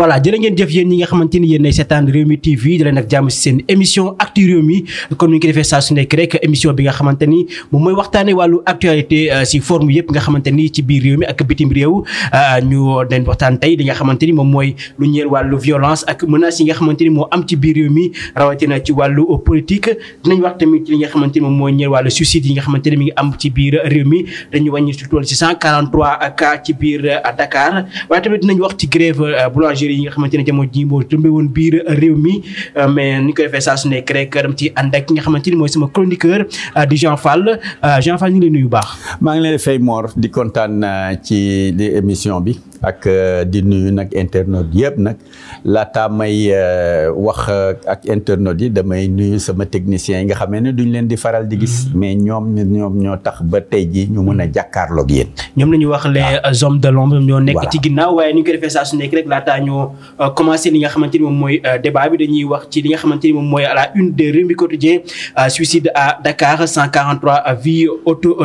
voilà jërë ngeen jëf yéen ñi nga xamante ni yéen ay seetaan Rewmi TV di leen ak jàmm seen émission ci réew mi comme ni ñu ko defee saa su nekk rek émission bi nga xamante ni mooy waxtaanee wàllu actualité euh, si forme yëpp nga xamante ci biir réew mi ak bitim euh, réew mi rawatina ci wàllu politique dinañ wax tamit nga xamante ni mooy ñeel wàllu suicide nga xamante ni am ci biir réew mi dañu wàññi ci tool ci 143 cas ci biir euh, Dakar waaye tamit dinañ wax ci grève boulangerie nga xamante ne ji moo tëmbe woon biir réew mi mais ni ko defee gërëm ci ànd ak ki nga xamante mooy sama chroniqueur euh, di Jean Fall euh, Jean Fall ñu ngi nuyu baax. maa ngi leen di fay di kontaan euh, ci di émission bi ak di nuyu nag internautes yëpp nag laataa may wax ak internautes yi damay nuyu sama techniciens yi nga xamee ne duñ leen di faral di gis. Mm-hmm. mais ñoom ñoom ñoo tax ba tey jii ñu mën a mm-hmm. jàkkaarloog yéen. ñoom la ñuy wax les hommes de l'ombre ñoo nekk ci ginnaaw waaye ñu ngi koy defee saa su nekk rek li nga xamante ni ni moom mooy à une de Rewmi Quotidien euh, suicide à Dakar 143 vies auto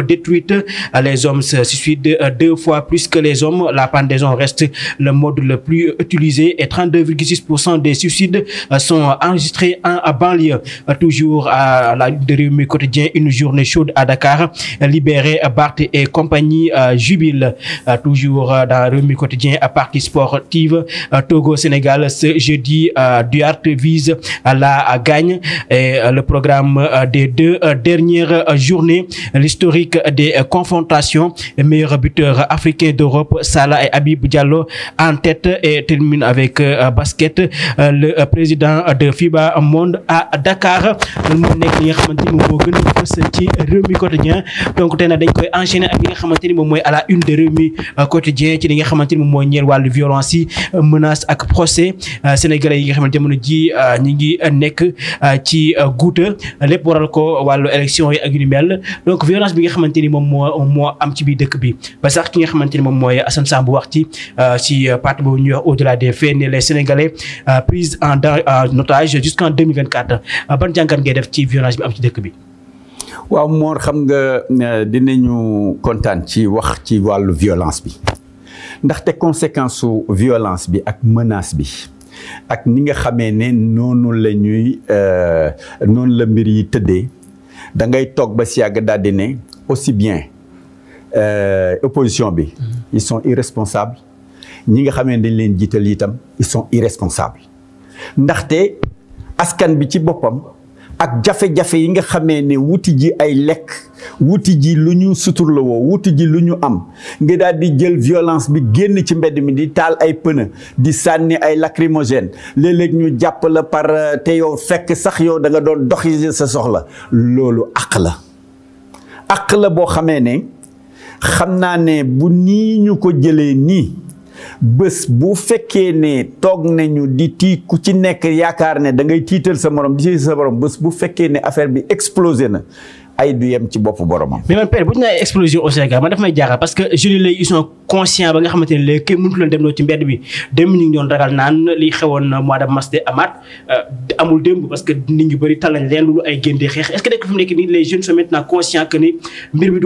les hommes se suicident euh, deux fois plus que les hommes la pendaison reste le mode le plus utilisé et 32,6% des suicides euh, sont enregistrés en banlieue toujours à la de Rewmi Quotidien une journée chaude à Dakar libéré Barth et compagnie jubile toujours dans Rewmi Quotidien à partie sportive Togo Sénégal ce jeudi Duarte vise la gagne et euh, le programme euh, des deux euh, dernières journées, l'historique des confrontations, meilleur buteur africain d'Europe, Salah et Habib Diallo en tête et termine avec basket. Le président de FIBA Monde à Dakar moo nekk li nga xamante ni moom moo gën a fës ci Rewmi Quotidien donc tey dañ koy enchaîner ak li nga xamante ni moom mooy à la une de Rewmi Quotidien ci li nga xamante ni moom mooy ñeel wàllu violence yi menace ak procès sénégalais yi nga xamante jamono ji ñu ngi nekk ci euh, guuta lépp waral ko wàllu élection yi ak yu mel donc violence bi nga xamante ni moom moo moo am ci biir dëkk bi ba sax ki nga xamante ni moom mooy Assane Samb wax ci si euh, euh, parti boobu ñuy wax au-delà des faits ne les Sénégalais pris en notage en otage jusqu'en 2024 ban jàngat ngay def ci violence bi am ci dëkk bi. xam nga dinañu kontaan ci wax ci wàllu violence bi ndaxte conséquence su violence bi ak menace bi. ak ni nga xamee ne noonu la ñuy euh, noonu la mbir yi tëddee da ngay toog ba si yàgg daal di ne aussi bien euh, opposition bi. Mm-hmm. ils sont irresponsables ñi nga xamee dañ leen jiital itam ils sont irresponsables ndaxte askan bi ci boppam ak jafe-jafe yi nga xamee ne wuti ji ay lekk. wuti ji lu ñu suturla woo wuti ji lu ñu am ngi daal di jël violence bi génn ci mbedd mi di taal ay pneu di sànni ay lacrymogène léeg ñu jàpp la par euh, te yow fekk sax yow danga nga doon doxi sa soxla loolu àq la àq la boo xamee ne xam naa ne bu nii ñu ko jëlee nii bés bu fekkee ne toog nañu di tii ku ci nekk yaakaar ne da ngay tiital sa morom di tiital sa morom bés bu fekkee ne affaire bi explosé na ay du yem ci bopp boromam. mais man père bu ñu naan explosion au Sénégal man daf may jaaxal parce que jeunes lay ils sont ba nga ci mbedd bi dem ñu ngi doon euh, parce que nit ñu bëri tal nañ leen lu ay xeex est ce que nekk fu mu nekk nii les jeunes sont maintenant conscients que ni mbir bi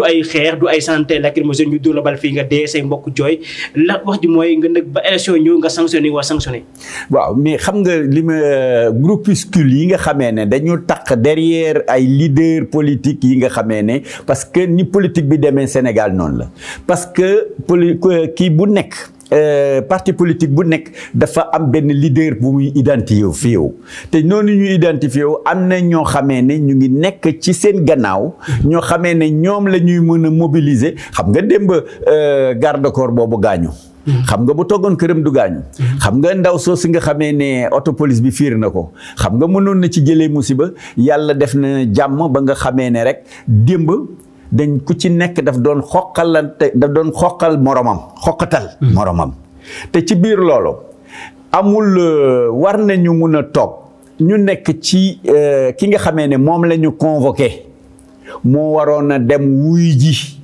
fii nga dee say mbokk jooy la wax ji mooy nga nag nga sanctionné waa sanctionné. waaw xam nga li ma euh, groupuscule yi nga xamee ne dañu taq derrière ay leader politique kii nga xamee ne parce que ni politique bi demee Sénégal noonu la parce que poli euh, kii bu nekk Euh, parti politique bu nekk dafa am benn leader bu muy identifié wu te noonu ñuy identifié wu am na ñoo xamee ne ñu ngi nekk ci seen gannaaw ñoo xamee ne ñoom la ñuy mën a mobiliser xam nga démb euh, garde boobu gaañu xam nga bu toggoon këram du xam nga ndaw soo si nga xamee ne oto police bi fiir na ko xam nga mënoon na ci jëlee musiba yàlla def na jàmm ba nga xamee ne rek démb dañ ku ci nekk daf doon xoqalante daf doon xoqal moromam xoqatal moromam te ci biir loolu amul euh, war nañu mun a toog ñu nekk ci euh, ki nga xamee ne moom la ñu convoqué moo waroon a dem wuy ji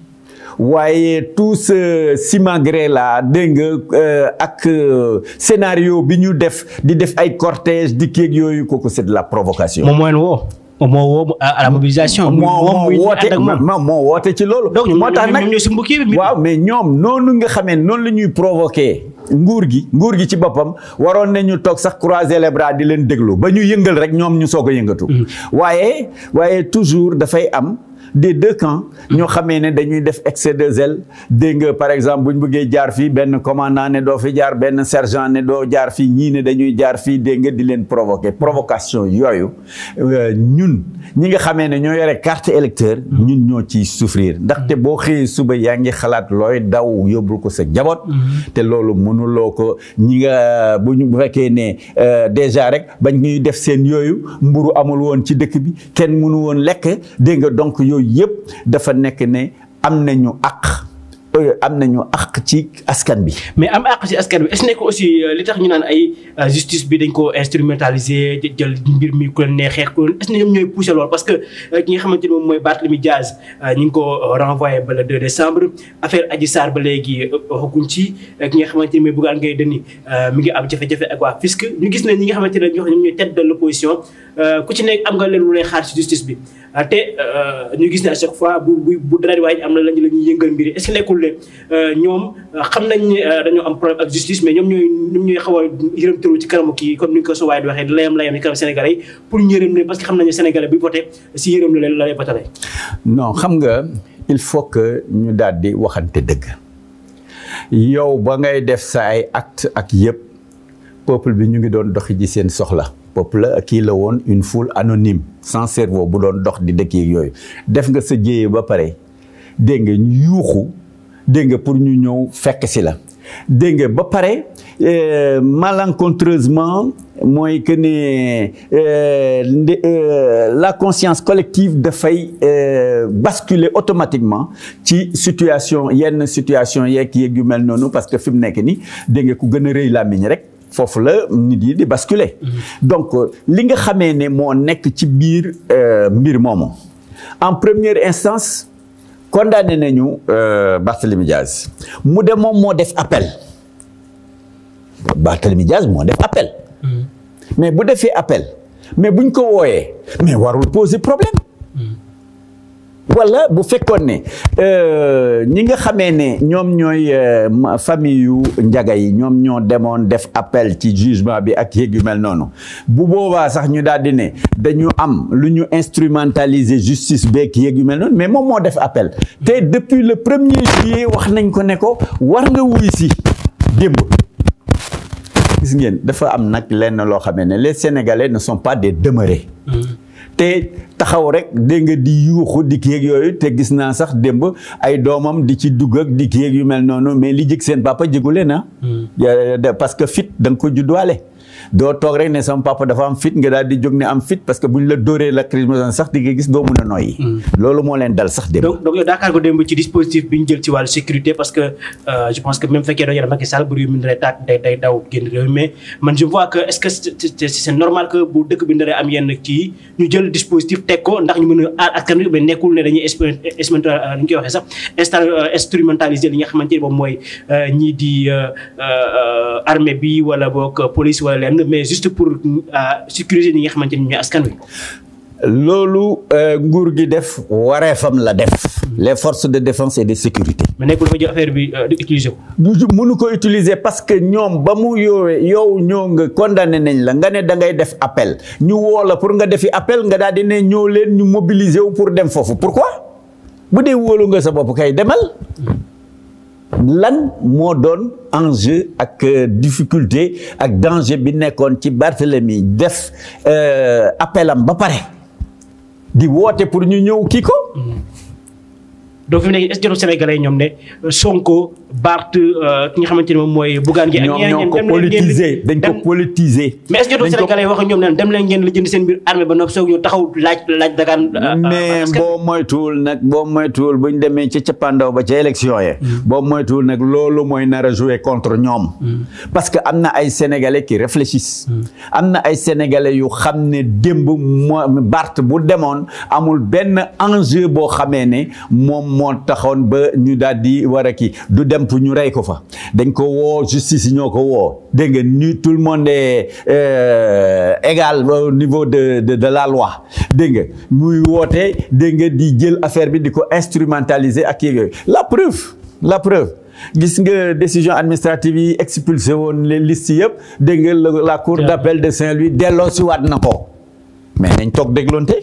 waaye tout ce la là dégg nga euh, ak euh, scénario bi ñu def di def ay cortège di kéeg yooyu kooku c'est la provocation. moom mooy woo. moo woo à la moo woote moo woote ci loolu. moo tax nag waaw mais ñoom noonu nga xamee noonu la ñuy provoquer. nguur gi nguur gi ci boppam waroon nañu toog sax croiser les di leen déglu ba ñu yëngal rek ñoom ñu soog a yëngatu. Mm. waaye waaye toujours dafay am. des deux camps ñoo xamee ne dañuy def excès de zèle dégg nga par exemple bu ñu bëggee jaar fii benn commandant ne doo fi jaar benn sergent ne doo jaar fi ñii ne dañuy jaar fii dégg nga di leen provoquer provocation yooyu euh, ñun ñi nga xamee ne ñoo yore carte électeur ñun ñoo ciy souffrir ndaxte boo xëyee suba yaa ngi xalaat looy daw yóbbul ko sa njaboot te loolu mënuloo ko ñi nga bu ñu fekkee ne euh, déjà rek bañ ñuy def seen yooyu mburu amul woon ci dëkk bi kenn munu woon lekk dégg nga donc yooyu yooyu dafa nekk ne am nañu àq euh, am nañu àq ci askan bi. mais am àq ci askan bi est-ce que aussi euh, li tax ñu naan ay euh, justice bi dañ ko instrumentaliser jël mbir mi ku leen neexee ku leen est-ce ñooy pousser lool parce que ki nga xamante ni moom mooy Barthélemy Diaz ñu ngi ko renvoyé ba le 2 décembre affaire Adji Sarr ba léegi waxaguñ ci ki nga xamante ni mooy Bougane Gueye Dany mi ngi am jafe-jafe ak waa fisc ñu gis ne ñi nga xamante ne ñoom ñooy tête de l'opposition Euh, ku ci nekk am nga leen lu lay xaar ci justice bi euh, te euh, ñu gis ne à chaque fois bu bu bu am na lañu la ñuy yëngal mbiri est-ce que nekkul ne ñoom xam nañ ne am problème ak justice mais ñoom ñu ñoom ñooy xaw a yërëm tëru ci kanamu kii comme ni ko so waay di waxee layam layam ci kanam Sénégalais yi pour ñu yërëm leen parce que xam nañu Sénégalais bi voté si yërëm la leen la lay batale non xam nga il faut que ñu daal di waxante dëgg yow ba ngay def sa ay acte ak yëpp peuple bi ñu ngi doon doxi ji seen soxla peuple la kii la woon une foule anonyme sans cerveau bu doon dox di dëkk yeeg yooyu def nga sa jéyee ba pare dégg nga yuuxu dégg nga pour ñu ñëw fekk si la dégg nga ba pare euh, malencontreusement mooy que ne euh, euh, la conscience collective dafay basculer automatiquement ci situation yenn situation yeeg yeeg yu mel noonu parce que fi mu nekk nii dégg nga ku gën a rëy làmmiñ rek foofu la nit yi di basculer. Mhm. donc euh, li nga xamee ne moo nekk ci biir euh, mbir moomu en première instance condamné nañu euh, Barthélemy Diaz mu de moom moo def appel Barthélemy Diaz moo def appel mhm. mais bu defee appel mais buñ ko wooyee mais warul poser problème wala bu fekkoon ne euh, ñi nga xamee ne ñoom ñooy euh, famille yu njaga yi ñoom ñoo demoon def appel ci jugement bi ak yéeg yu mel noonu bu boobaa sax ñu daal di ne dañu am lu ñu instrumentaliser justice beeg yéeg yu mel noonu mais moom moo def appel te depuis le premier juillet wax nañ ko ne ko war nga wuy si démb ngeen dafa am nag lenn loo xamee ne les sénégalais ne sont pas des demeurés mmh. te taxaw rek dégg nga di yuuxu di kii yooyu te gis naa sax démb ay doomam di ci dugg ak di kii yu mel noonu mais li jëkk seen papa jëgu leen ah. Hmm. parce que fit da nga ko juddwaale. doo toog rek ne sama papa dafa am fit nga daal di jóg ne am fit parce que buñ la dóoree la lacrymogène sax di nga gis doo mun a noyyi. Hmm. loolu moo leen dal sax démb. donc donc yow bi ñu jël ci euh, day daw génn réew mais man je vois que est ce est normal que bu dëkk bi ndaree am yenn kii ñu jël dispositif teg ko ndax ñu mën a aar askan wi mais nekkul ne dañuy expérimental li euh, ñu koy sax install euh, li nga xamante ne mooy ñii di armée bi wala boog police wala mais juste pour euh, sécuriser ñi nga xamante ni ñooy askan wi. loolu euh, nguur gi def wareefam la def. les forces de défense et de sécurité. mais nekkul fa jël affaire bi euh, di utiliser ko. du ko utiliser parce que ñoom ba mu yoowee yow ñoo nga condamné nañ la nga ne da ngay def appel ñu woo la pour nga defi appel nga daal di ne ñoo leen ñu mobiliser wu pour dem foofu pour pourquoi bu dee wóolu nga sa bopp kay demal. lan moo doon enjeu ak euh, difficulté ak danger bi nekkoon ci Barthélemy des euh, appel am ba pare di woote pour ñu ñëw kii ko. fi mu nekk est-ce que Sénégalais ñoom ne Sonko. Bart euh, ki nga xamante ne moom mooy. bugaan gi ak ñoom ñoo ko politiser dañ ko politiser. mais est-ce que doo ñoom naan dem leen ngeen la jënd seen mbir armée ba noppi soog ñu taxaw laaj laaj euh, euh, mais boo moytuwul nag boo moytuwul bu ñu demee ca cappaandaw ba ca élection yi. Mm. boo moytuwul nag loolu mooy na a jouer contre ñoom. Mm. parce que am na ay sénégalais qui réfléchissent. Mm. am na ay sénégalais yu xam ne démb moo barte bu demoon amul benn enjeu boo xamee ne moom moo taxoon ba ñu daal di war a kii du dem ñu rey ko fa dañ ko woo justice yi ñoo ko woo dégg nga ni tout le monde est euh, égal au niveau de de de la loi dégg nga muy woote dégg nga di jël affaire bi di ko instrumentaliser ak yooyu la preuve la preuve gis nga décision administrative yi expulsé woon les listes yëpp dégg nga la cour d'appel de Saint-Louis delloo si waat na ko mais nañ toog dégloonte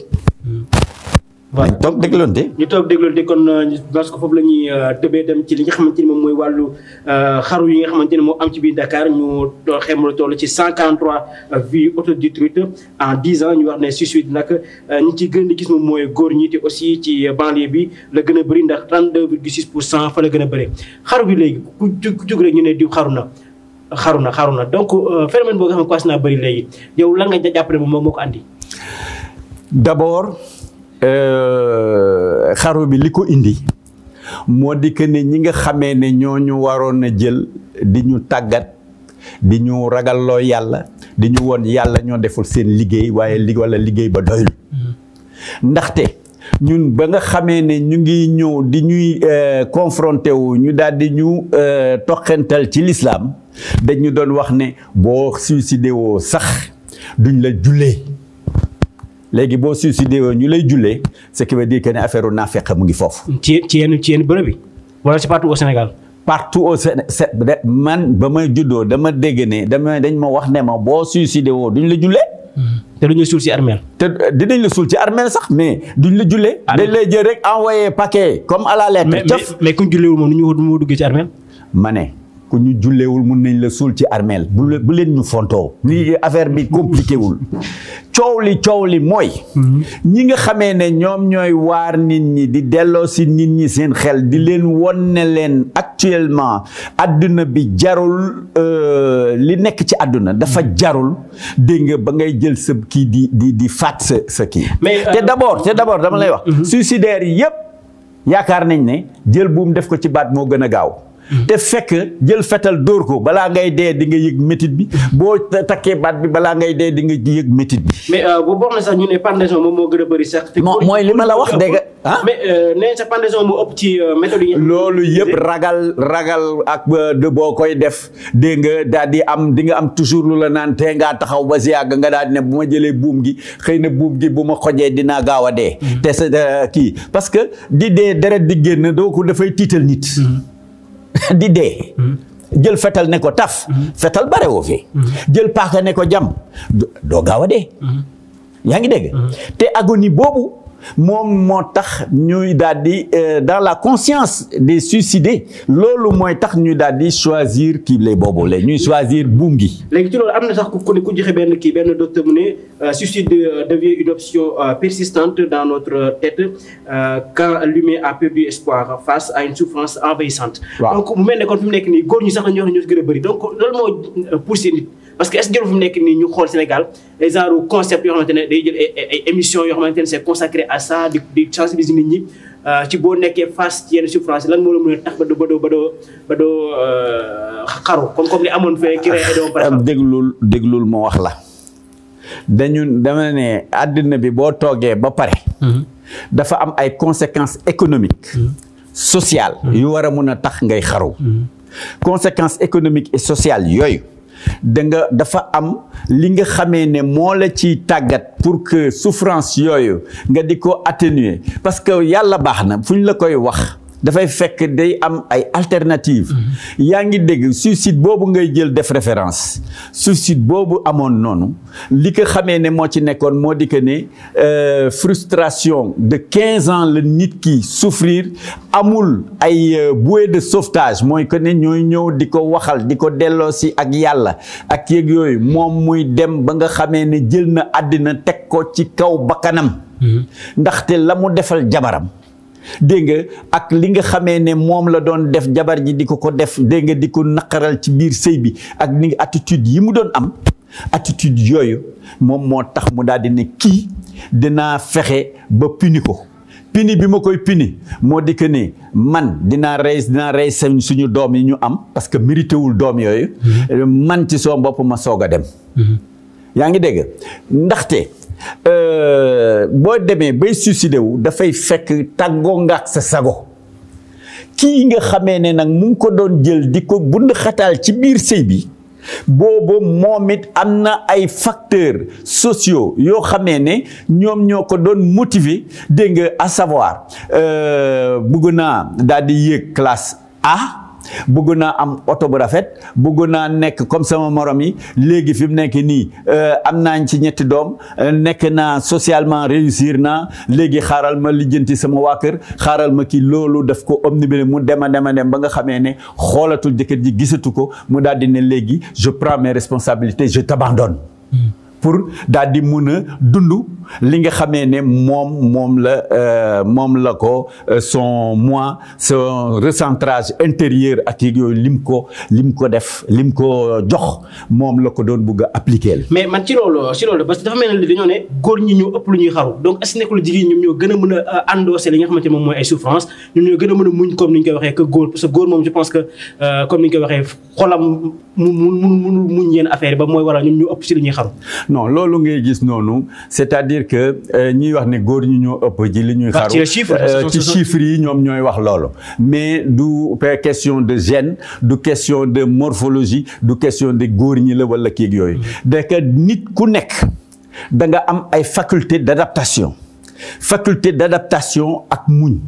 waaw dañ toog dégloonte ñu toog dégloonte kon euh, parce que foofu la ñuy euh, tëbee dem ci li nga xamante ni moom mooy wàllu euh, xaru yi nga xamante ni moo am ci biir Dakar ñu xemal toll ci 143 vies autodétruites en 10 ans ñu wax ne suicide nag ñi ci gën di gis moom mooy góor ñi te aussi ci banlieue bi la gën a bëri ndax 32 virgule 6 pour cent fa la gën a bëri xaru bi léegi ku jug rek ñu ne diw xaru na xaru na xaru na donc phénomène boo nga xam ne quasi naa bëri léegi yow lan nga jàpp ne moom moo ko andi. d'abord. Euh, xaru bi li ko indi moo di que ne ñi nga xamee ne ñoo ñu waroon a jël di ñu tàggat di ñu ragalloo yàlla di ñu woon yàlla ñoo deful seen liggéey waaye li liggéey ba doy mm-hmm. ndaxte ñun ba nga xamee ne ñu ngi ñëw di ñuy euh, confronté wu ñu daal di ñu euh, toqental ci lislaam dañu doon wax ne boo suicidé woo sax duñ la jullee léegi boo suicidé ñu lay jullee ce qui veut ne affaire naa naafeq mu ngi foofu. ci ci yenn ci yenn bërëb yi wala c'est partout au Sénégal. partout au Sénégal man ba may juddoo dama dégg ne dañ ma wax ne ma boo suicidé woo duñ la jullee. Mm-hmm. te duñ la suul ci armeel. te dinañ la suul ci armeel mais duñ la jullee. Ah, dañ lay jël rek envoyé paquet comme à la lettre. mais mais kuñ jullee wu moom nu ñu woo duggee ci armeel. ma ne. ku ñu julleewul mun nañ la suul ci armeel bu bu leen ñu fontoo ni affaire bi compliqué wul coow li coow li mooy ñi nga xamee ne ñoom ñooy waar nit ñi di delloo si nit ñi seen xel di leen won ne leen actuellement adduna bi jarul euh, li nekk ci adduna dafa jarul dégg nga ba ngay jël sa kii di di di faat sa sa kii euh, te d'abord te d'abord dama lay wax mm-hmm. suicidaire yépp yaakaar nañ ne jël buum def ko ci baat moo gën a gaaw te fekk jël fetal dóor ko balaa ngay dee di nga yëg métit bi boo takkee baat bi balaa ngay dee di nga yëg métit bi. mais euh, bu sax ñu ne pendaison moom moo gën a bëri sax. mooy li ma la wax dégg ah mais euh, nee sa pendaison mu ëpp ci euh, méthode loolu yëpp ragal ragal ak de boo koy def dégg nga daal di am di nga am toujours lu la naan tee ngaa taxaw ba si yàgg nga daal ne bu ma jëlee buum gi xëy na buum gi bu ma xojee dinaa gaaw a dee. Mm-hmm. te sa kii parce que di dee deret di génn doo ko dafay tiital nit. Mm-hmm. di dee. Hmm. jël fetal ne ko taf. Hmm. fetal bare woo hmm. jël paaka ne ko jam doo gaaw a dee. yaa ngi dégg. te agonie boobu. moom moo tax ñuy daal di euh, dans la conscience des suicidés loolu mooy tax ñuy daal di choisir le boobu la ñuy choisir buum gi. léegi ci loolu am na sax ku ne ku joxe benn kii benn docteur mu ne euh, suicide euh, devient une option persistante dans notre tête quand l'humain a perdu espoir face à une souffrance envahissante. waaw donc mu mel ne kon fi mu nekk nii góor ñi sax la ñu wax ñu gën bëri donc loolu moo poussé nit. parce que est-ce fu mu nekk nii ñu xool Sénégal ay genre yoo xamante ne day jël ay émission yoo xamante ne c'est consacré à ça di di sensibiliser ñi euh, ci boo nekkee fas ci yenn souffrance lan moo la mën a tax ba doo ba doo euh, xaru comme comme amoon fee ki ree doo déglul déglul ma wax la dañu dama ne àddina bi boo toogee ba pare mhm. dafa am ay conséquence économique mhm. sociale mhm. yu war a mun a tax ngay xaru conséquence économique et sociales yooyu danga dafa am li nga xamee ne moo la ciy tàggat pour que souffrance yooyu nga di ko atténuer parce que yàlla baax na fu ñu la koy wax dafay fekk day am ay alternative mm-hmm. yaa ngi dégg suicide boobu ngay jël def référence suicide boobu amoon noonu li ko xamee ne moo ci nekkoon moo di que ne euh, frustration de quinze ans la nit ki souffrir amul ay euh, bouée de sauvetage mooy que ne ñooy ñëw di ko waxal di ko delloo si ak yàlla ak yëg yooyu moom muy dem ba nga xamee ne jël na àddina teg ko ci kaw bakkanam mm-hmm. ndaxte la mu defal jabaram dégg nga ak li nga xamee ne moom la doon def jabar ji di ko ko def dégg nga di ko naqaral ci biir sëy bi ak ni nga attitude yi mu doon am attitude yooyu moom moo tax mu daal di ne kii dinaa fexe ba puni ko pini bi ma koy pini moo di que ne man dinaa rey dinaa rey seen suñu doom yi ñu am parce que mérité wul doom yooyu. Mm-hmm. man ci soo bopp ma soog a dem. Mm-hmm. yaa ngi dégg ndaxte. Euh, boo demee bay suicidé wu dafay fekk tàggoo nga sa sago kii nga xamee ne nag mu ko doon jël di ko bund xataal ci biir sëy bi boobu moom it am na ay facteurs sociaux yoo xamee ne ñoom ñoo ko doon motiver dégg nga à savoir euh, bëgg naa daal di yéeg classe A bëgg naa am oto bu rafet bëgg naa nekk comme sama morom yi léegi fi mu nekk nii euh, am naa ci ñetti doom euh, nekk naa socialement réussir naa léegi xaaral ma lijjanti sama waa kër xaaral ma ki loolu def ko omnibile mu dema dema dem ba nga xamee ne xoolatul jëkkër ji gisatu ko mu daal di ne léegi je prends mes responsabilités je t'abandonne hmm. pour daal di mun a dund li nga xamee ne moom moom la euh, moom la ko euh, son moi son recentrage intérieur ak yooyu lim ko lim ko def lim ko jox moom la ko doon bëgg a appliquer. mais man ci loolu ci loolu parce que dafa mel ni dañoo ne góor lu ñuy xaru donc est-ce ñoo gën a mën a euh, endosser li nga xamante moom mooy ay souffrance ñoom ñoo gën a mën a muñ comme ni mu mu mu muñ ba mooy waral ñoom ñoo ëpp ci li ñuy xaru. non loolu ngay gis noonu c'est-à-dire dire que euh, ñiy wax ne góor ñu ñoo ëpp ci li ñuy xaru euh, ci chiffres yi ñoom ñooy wax loolu mais du question de gène du question de morphologie du question de góor ñi la wala kii yooyu mm. dek nit ku nekk da nga am ay faculté d'adaptation faculté d'adaptation ak muñ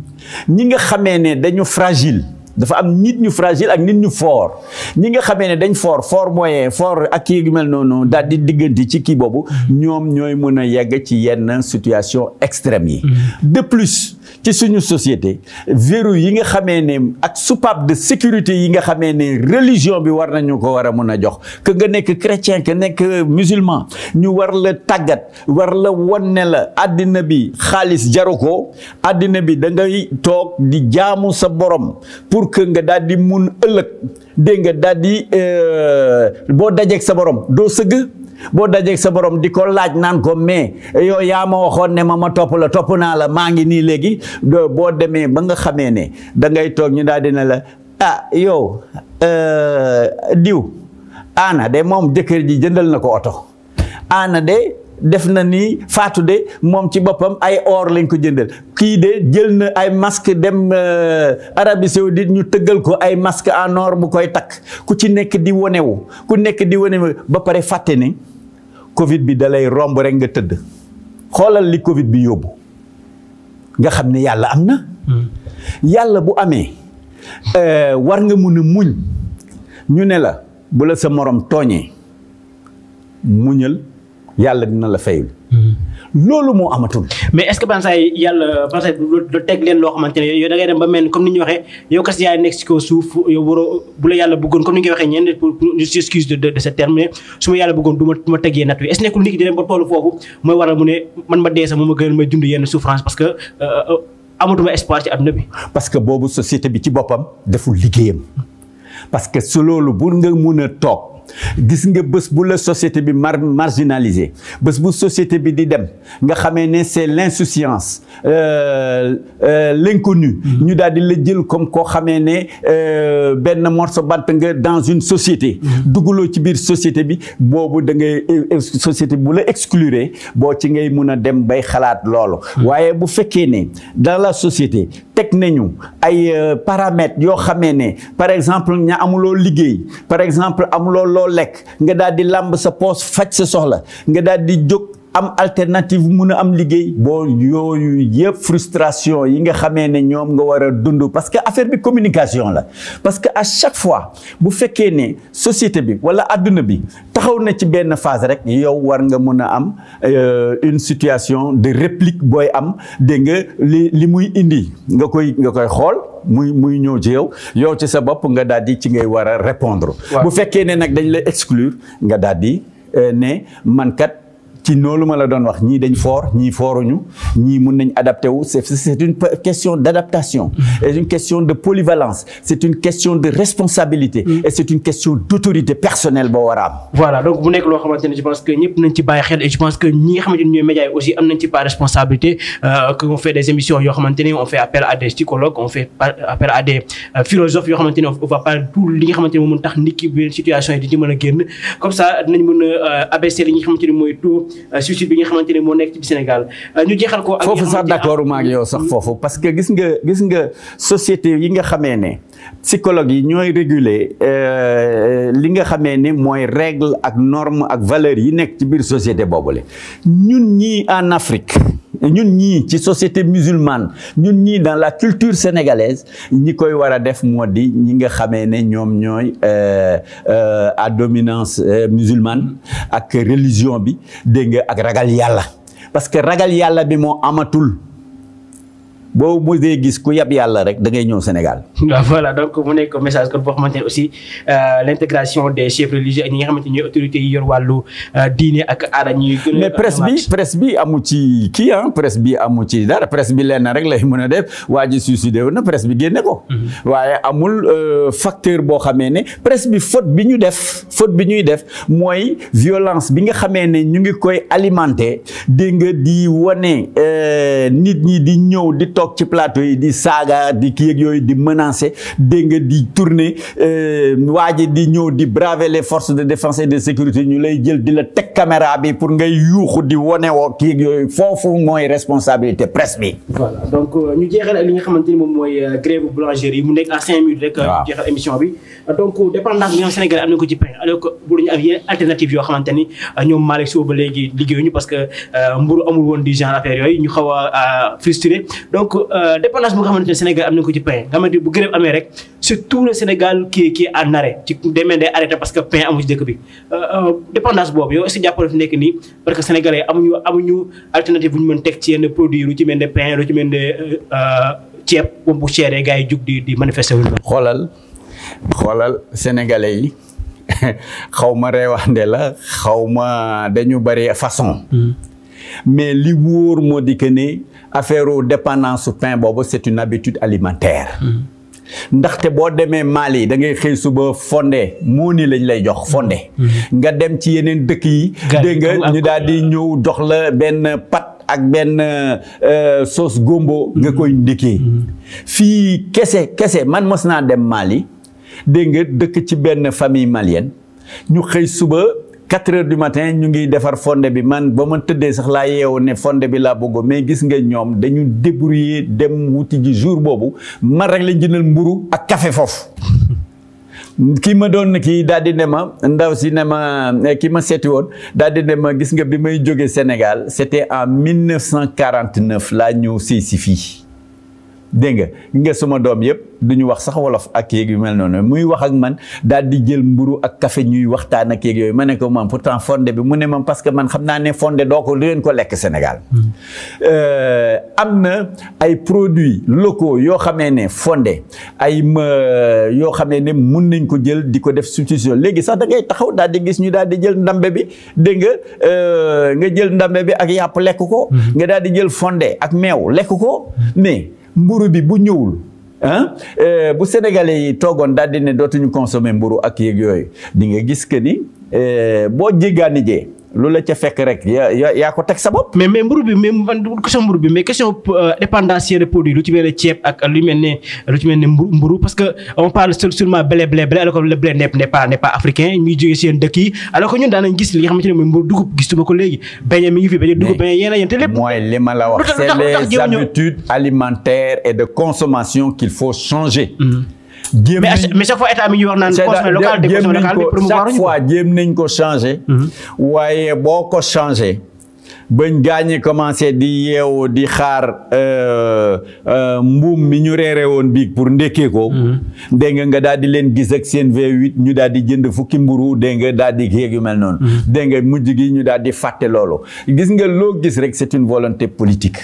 ñi nga xamee ne dañu fragile dafa am nit ñu fragile ak nit ñu foor ñi nga xamee ne dañ foor foor moyen foor ak kii yu mel noonu daal di diggante ci kii boobu ñoom ñooy mën a yegg ci yenn situation extrême yi mm-hmm. ci suñu société veru yi nga xamee ne ak soupape de sécurité yi nga xamee ne religion bi war nañu ko war a mun a jox que nga nekk chrétien que nekk musulman ñu war la tàggat war la wonne la àddina bi xaalis jaru ko àddina bi da ngay toog di jaamu sa borom pour que nga daal di mun ëllëg dégg nga daal di euh, boo dajeeg sa borom doo sëgg boo dajeeg sa borom di ko laaj naan ko mais yow yaa ma waxoon ne ma ma topp la topp naa la maa ngi nii léegi boo demee ba nga xamee ne da ngay toog ñu daal dina la ah yow euh, diw aana de moom jëkkër ji jëndal na ko oto ana de def na nii faatu de moom ci boppam ay or lañ ko jëndal kii de jël na ay masque dem euh, Arabie Saoudite ñu tëggal ko ay masque en or bu koy takk ku ci nekk di wonewu ku nekk di wonewu ba pare fàtte ne Covid bi dalay romb rek nga tëdd xoolal li Covid bi yóbbu nga xam ne yàlla am na. Hmm. yàlla bu amee euh, war nga mun a muñ ñu ne la bu la sa morom tooñee muñal yàlla dina la fayul. Hmm. loolu moo amatul. mais est-ce que Bansaay yàlla Bansaay du teg leen loo xamante ne yow da ngay dem ba mel ni comme ni ñu waxee yow kas yaay nekk si kaw bu la yàlla bëggoon comme ni nga waxee ñenn pour excuse de de ce terme mais su ma yàlla bëggoon du ma du ma teg yee natt wi est-ce que nekkul nit dem ba toolu foofu mooy waral mu ne man ma dee sax mu ma may dund yenn souffrance parce que euh, euh, amatuma espoir ci adduna bi. parce que boobu société bi ci boppam deful liggéeyam parce que su loolu bu nga mun a toog. gis nga bës bu la société bi mar marginalisé bës bu société bi di dem nga xamee ne c'est l'insouciance euh, euh, l'inconnu mm-hmm. ñu daal di la jël comme koo xamee ne euh, benn morceau bant nga dans une société mm-hmm. dugguloo ci biir société bi boobu dangay ngay société bu la exclure boo ci ngay mun a dem bay xalaat loolu mm-hmm. waaye bu fekkee ne dans la société teg nañu ay euh, paramètres yoo xamee ne par exemple ña amuloo liggéey par exemple amuloo loo lekk nga daal di lamb sa poos faj sa soxla nga daal di jóg am alternative mun a am liggéey boo yooyu yëpp frustration yi nga xamee ne ñoom nga war a dund parce que affaire bi communication la parce que à chaque fois bu fekkee ne société bi wala adduna bi taxaw na ci benn phase rek yow war nga mën a am euh, une situation de réplique booy am dégg nga li li muy indi nga koy nga koy xool muy muy ñëw ci yow yow ci sa bopp nga daal di ci ngay war a répondre bu fekkee ne nag dañ lay exclure nga daal di euh, ne man kat ci noolu ma la doon wax ñii dañ fort ñii fooruñu ñii mun nañ adapté wu c'est c'est une question d'adaptation c'est une question de polyvalence c'est une question de responsabilité mm. et c'est une question d'autorité personnelle boo war am voilà donc bu nekk loo xamante ne je pense que ñëpp nañ ci bàyyi xamante ne ñooy médias am nañ ci part responsabilité euh, que on des émissions yoo xamante ne on fait appel à des psychologues on fait appel à des euh, philosophes yoo xamante on va parler li nga xamante ne moo mën tax nit a génn comme Euh, suicide bi nga xamante ne moo nekk ci Sénégal euh, ñu jeexal ko. ak foofu sax d'accord ma ak yow sax hmm? foofu parce que gis nga gis nga société yi nga xamee ne psychologue yi ñooy réguler euh, li nga xamee ne mooy règle ak norme ak valeur yi nekk ci biir société boobule ñun ñii en Afrique. ñun ñii ci société musulmane ñun ñii dans la culture sénégalaise ñi koy war a def moo di ñi nga xamee ne ñoom ñooy euh, euh, à dominance euh, musulmane ak religion bi dégg nga ak ragal yàlla parce que ragal yàlla bi moo amatul boo mu dee gis ku yab yàlla rek da ngay ñëw Sénégal. voilà donc mu nekk message kon boo euh, l' intégration des chefs religieux ak ñi nga xamante ni euh, mais presse bi presse bi amu ci kii ah presse bi amu ci dara presse bi lenn rek lay mën a def waa ji suicidé bi génne ko. Mhm. waaye amul euh, facteur boo xamee ne presse bi faute bi ñu def faute bi ñuy def mooy violence bi nga xamee ne ñu ngi koy alimenter dégg di wane nit ñi di ñëw di toog toog ci plateau yi di saaga di kii ak yooyu di menacer dégg nga di tourner euh, waa ji di ñëw di braver le force de défense et de sécurité ñu lay jël di la teg caméra bi pour ngay yuuxu di wone woo kii ak yooyu foofu mooy responsabilité presse bi. voilà donc euh, ñu jeexal ak li nga xamante ni moom mooy euh, grève yi mu nekk à cinq bi donc dépendance bi nga Sénégal am na ko ci pain alors que bu ñu am yenn alternative yoo xamante ni ñoom Malick Sow ba léegi liggéeyuñu que mburu amul woon du genre affaire yooyu ñu xaw a donc. Euh, dépendance bu nga xamante ne Sénégal am nañu ko ci pain nga xamante bu grève amee rek c'est le Sénégal kii kii est en arrêt ci demee day parce que pain amu ci bi euh, euh, dépendance boobu yow est-ce jàppale fi nekk nii parce que sénégalais amuñu amuñu alternative bu ñu mën teg ci yenn produit lu ci mel ne pain lu ci mel ceeb moom bu seeree gars yi jug di di manifester wuñu xoolal xoolal sénégalais yi xaw ma reewande la xaw ma dañu bari façon hmm. mais li wóor moo di que ne affaire au dépendance su pain boobu c'est une habitude alimentaire. Mm-hmm. ndaxte boo demee Mali da ngay xëy suba fonde moo nii lañ lay jox fonde. Mm-hmm. nga dem ci yeneen dëkk yi. dégg nga ñu daal di ñëw dox la benn pat. ak benn euh, sauce gombo nga mm-hmm. koy ndékkee fii kese kese man mos naa dem Mali dégg nga dëkk ci benn famille malienne ñu xëy suba quatre heures du matin ñu ngi defar fonde bi man ba man tëddee sax laa yeewu ne fonde bi laa bëgg mais gis nga ñoom dañu yi dem wuti ji jour boobu man rek lañ jëndal mburu ak kafe foofu kii ma doon kii daal di ne ma ndaw si ne ma kii ma seeti woon daal di ne ma gis nga bi may jógee Sénégal c'était en 1949 laa ñëw si si fii dégg nga nga suma doom yëpp du ñu wax sax wolof ak yeeg yu mel noonu muy wax ak man daal di jël mburu ak kafe ñuy waxtaan ak yeeg yooyu ma ne ko moom pourtant fondé bi mu ne moom parce que man xam naa ne fondé doo ko leen ko lekk Sénégal. Hmm. Euh, am na ay produits locaux yoo xamee ne fonde ay yoo xamee ne mun nañ ko jël di ko def substitution léegi sax da ngay taxaw daal di gis ñu daal di jël ndambe bi dégg nga euh, nga jël ndambe bi ak yàpp lekk ko. Hmm. nga daal di jël fonde ak meew lekk ko hmm. mburu bi bu ñëwul ah bu sénégalais yi toogoon daal dootuñu consommer mburu ak yéeg yooyu di nga gis que ni eh, boo jéggaani lu la ca fekk rek yaa ko teg sa bopp. mais mais mburu bi mais man question mburu bi mais question euh, dépendancier de produit lu ci mel ne ceeb ak lu mel ne lu ci mel ne mburu mburu parce que on parle seulement blé blé blé alors que le africain ñuy jógee seen dëkk yi alors que ñun daan nañ gis li nga xamante mooy mburu dugub gisuma ko léegi beñe mi ngi fi beñe dugub beñe yéen a yéen te lépp. mooy li ma la wax c'est les habitudes alimentaires et de consommation qu'il faut changer. Mm-hmm. jéem nañ mais chaque fois état mi ñu wax chaque fois jéem nañ ko changé. Mhm. waaye boo ko changé. bañ gaañi commencé di yeewu di xaar euh, euh, mbuum mi ñu reere woon biig pour ndekkee ko. Mhm. dégg nga nga daal di leen gis ak seen v ñu daal di jënd fukki mburu dégg nga daal di yeeg yu mel noonu. Mhm. dégg mujj gi ñu daal di fàtte loolu. gis nga loo gis rek c'est une volonté politique.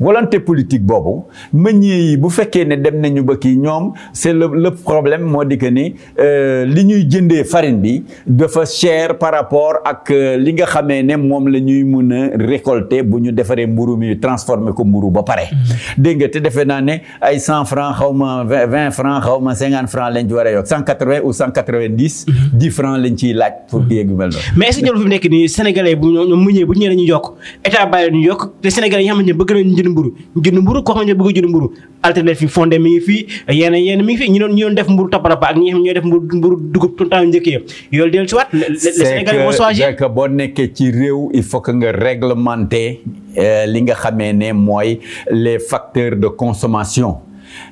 volonté politique boobu meññee yi bu fekkee ne dem nañu ba kii ñoom c'est le le problème moo di que ni euh, li ñuy jëndee farine bi dafa cher par rapport ak euh, li nga xamee ne moom la ñuy mun a récolter bu ñu defaree mburu mi transformer ko mburu ba pare. Mm-hmm. dégg nga te defe naa ne ay cent francs xaw ma vingt francs xaw ma cinquante francs lañ ci war a yokk cent quatre vingt ou cent quatre vingt mm-hmm. laaj pour kii noonu. mais est ce que ñoom fi mu nekk nii sénégalais bu ñoom bu bu ñëwee yokk état bàyyi dañuy ñu jënd mburu ñu jënd mburu koo xam ne bëgg a jënd mburu alternative fii fondé mi ngi fii yéen yéen mi ngi fii ñu doon ñu doon def mburu taparapa ak ñi xam ñooy def mburu mburu dugub tuntaan njëkk ya yooyu dellu si waat Sénégal moo soigé c'est boo nekkee ci réew il faut que nga réglementer euh, li nga xamee ne mooy les facteurs de consommation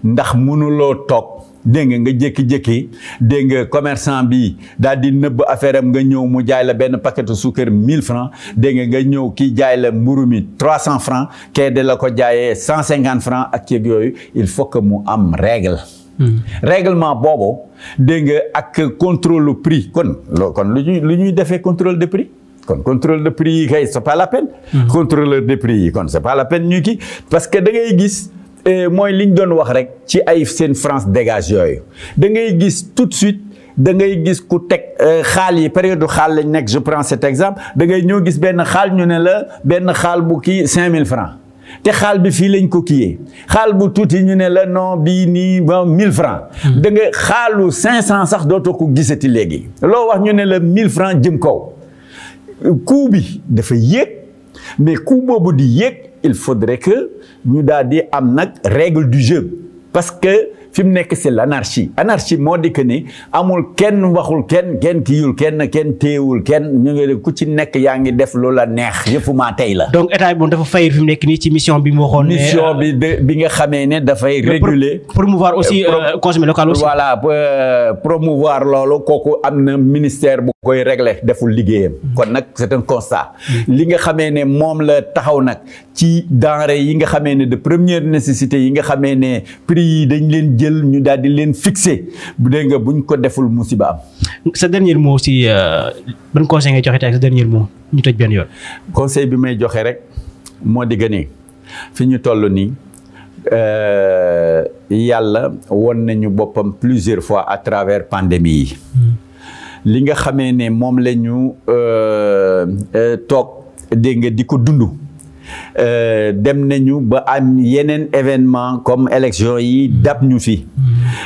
ndax loo toog dégg nga nga jékki-jékki dégg nga commerçant bi daal di nëbb affaire am nga ñëw mu jaay la benn paquetu suukar 1000 francs dégg nga nga ñëw kii jaay la mburu mi 300 francs kee de la ko jaayee 150 francs ak yeeg yooyu il faut que mu am règle. Hmm. règlement boobu dégg nga ak contrôle prix kon loo kon lu ñuy lu ñuy defee contrôle de prix. kon contrôle de prix yi kay c'est pas la peine. Hmm. contrôleur de prix yi kon c'est pas la peine ñu kii parce que da gis. Eh, mooy li ñu doon wax rek ci ay seen France dégage yooyu da ngay gis tout de suite da ngay gis ku teg eh, xaal yi période xaal lañ nekk je prends cet exemple da ngay ñëw gis benn xaal ñu ne la benn xaal bu kii 5000 francs te xaal bi fii lañ ko kiyee xaal bu tuuti ñu ne la non bii nii ba mille francs hmm. da nga xaalu 500 sax dootoo ko gisati léegi. loo wax ñu ne la mille francs jëm kaw coût bi dafa yéeg mais coût boobu di yéeg. il faudrait que ñu daal di am nag règle du jeu parce que fi mu nekk c'est l'anarchie anarchie moo di que ni amul kenn waxul kenn kenn kiiwul kenn kenn téewul kenn ñu ngi ku ci nekk yaa ngi def la neex yëfumaa tey la. donc état bi moom dafa fay fi nekk nii ci mission bi mu waxoon. mission euh, bi bi nga xamee ne dafay. réguler promouvoir aussi euh, euh, consommer local aussi. voilà promouvoir loolu kooku am na ministère bu. koy régler deful liggéeyam mm-hmm. kon nag c'est un constat li nga xamee ne moom la taxaw nag ci denrée yi nga xamee ne de première nécessité yi nga xamee ne prix yi dañ leen jël ñu daal di leen fixé bu dégg nga buñ ko deful musiba am sa dernier mot si euh, ban conseil ngay joxe tey ak sa dernier mot ñu tëj benn yoon conseil bi may joxe rek moo di gënee fi ñu toll nii euh, yàlla won nañu boppam plusieurs fois à travers pandémie yi mm-hmm. li nga xamee ne moom la ñu euh, euh, toog dégg nga di ko dund euh, dem nañu ba am yeneen événement comme élection yi dab ñu fi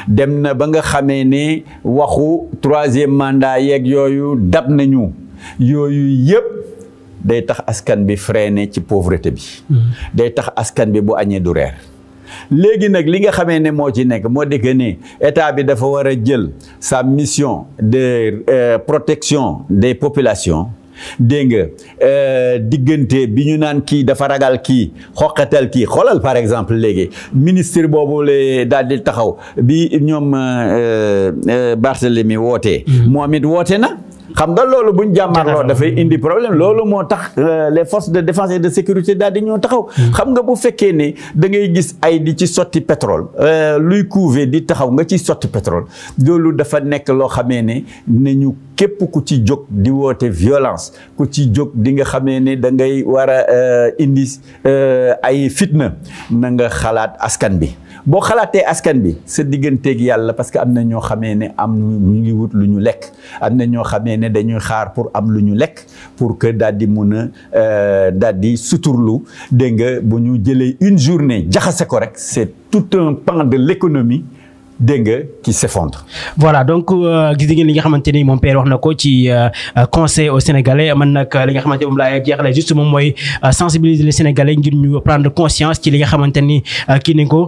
dem na ba nga xamee ne waxu troisième mandat yeeg yooyu dab nañu yooyu yëpp day tax askan bi freiné ci pauvreté bi mm. day tax askan bi bu añee du reer léegi nag li nga xamee ne moo ci nekk moo di que état bi dafa war a jël sa mission de euh, protection des populations dégg nga euh, diggante bi ñu naan kii dafa ragal kii xoqatal kii xoolal par exemple léegi ministre boobu la daal di taxaw bi ñoom euh, euh Barthélemy wootee mm-hmm. moom woote na xam nga loolu bu ñu jàmmaarloo dafay indi problème loolu moo tax euh, les forces de défense et de sécurité daal di ñoo taxaw. Hmm. xam nga bu fekkee ne da ngay gis ay di ci sotti pétrole. Euh, luy couver di taxaw nga ci sotti pétrole loolu dafa nekk loo xamee ne ñu képp ku ci jóg di woote violence ku ci jóg di nga xamee ne da ngay war a euh, indi ay fitna na nga xalaat askan bi. boo xalaatee askan bi sa digganteeg yàlla parce que am na ñoo xamee ne am ñu ngi wut lu ñu lekk am na ñoo xamee ne dañuy xaar pour am lu ñu lekk pour que daal di mun a euh, daal di suturlu dégg nga bu ñu jëlee une journée jaxase ko rek c'est tout un pan de l'économie dégg nga qui s'effondre. voilà donc euh, gis ngeen li nga xamante ni moom père wax na ko ci euh, euh, conseil aux sénégalais man nag li nga xamante ni moom laa jeexalee juste moom mooy sensibiliser les sénégalais ngir ñu prendre conscience ci li nga xamante ni kii nañ ko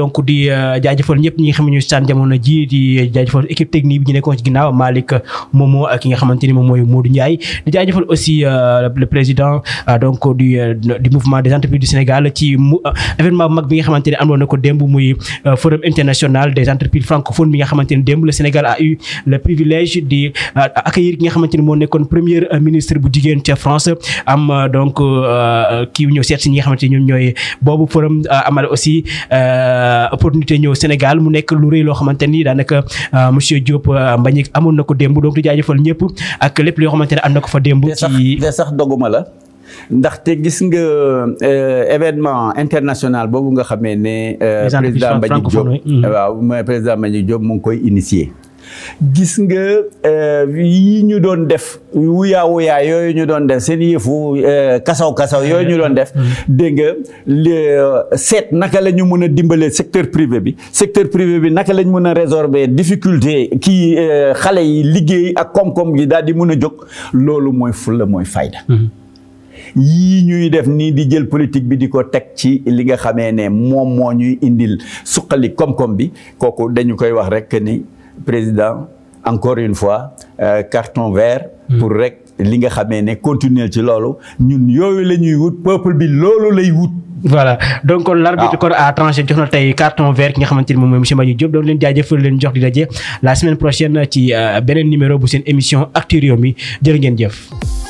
donc di jaajëfal ñëpp ñi nga xam ne ñu saan jamono ji di jaajëfal équipe technique bi ñu nekkoon ci ginnaaw Malick Momo ak ki nga xamante ni moom mooy Modou Ndiaye di jaajëfal aussi le président donc du du mouvement des entreprises du Sénégal ci événement bu bi nga xamante ni amoon na ko démb muy forum international des entreprise francophone bi nga xamante ne démb le Sénégal a eu le privilège di euh, accueillir ki nga xamante ne moo nekkoon premier euh, ministre bu jigéen ca France am euh, donc kii ñëw seet si ñi nga xamante ne ñoom ñooy boobu forum amal aussi opportunité ñëw Sénégal mu nekk lu rëy loo xamante nii daanaka monsieur Diop Mbagnick amoon na ko démb donc di jaajëfal ñëpp ak lépp loo xamante ne am na ko fa démb. ci sax doguma la. ndaxte gis nga euh, événement international boobu nga xamee ne. Euh, président Mbagnick Diop mm. waaw président Mbagnick Diop mu ngi koy initier. gis nga euh, yi ñu doon def wuyaa wuyaa yooyu ñu doon def seen yëfu kasaw kasaw yooyu ñu doon def mm. dégg nga seet naka la ñu mën a dimbalee secteur privé bi secteur privé bi naka lañ mën a résorber difficulté kii xale yi liggéey ak koom-koom gi daal di mën a jog loolu mooy fulla mooy fayda mm. yii ñuy def nii di jël politique bi di ko teg ci li nga xamee ne moom moo ñuy indil suqali koom-koom bi kooku dañu koy wax rek ni président encore une fois euh, carton vert mm. pour rek li nga xamee ne continuer ci loolu ñun yooyu la ñuy wut peuple bi loolu lay wut voilà donc kon l'arbitre kon ah. à tranché jox na tey carton vert ki nga xamante ni moom mooy monsieur Mbagnick Diop doon leen jaajëfal leen jox di daje la semaine prochaine ci euh, beneen numéro bu seen émission Actu Rewmi jërë ngeen jëf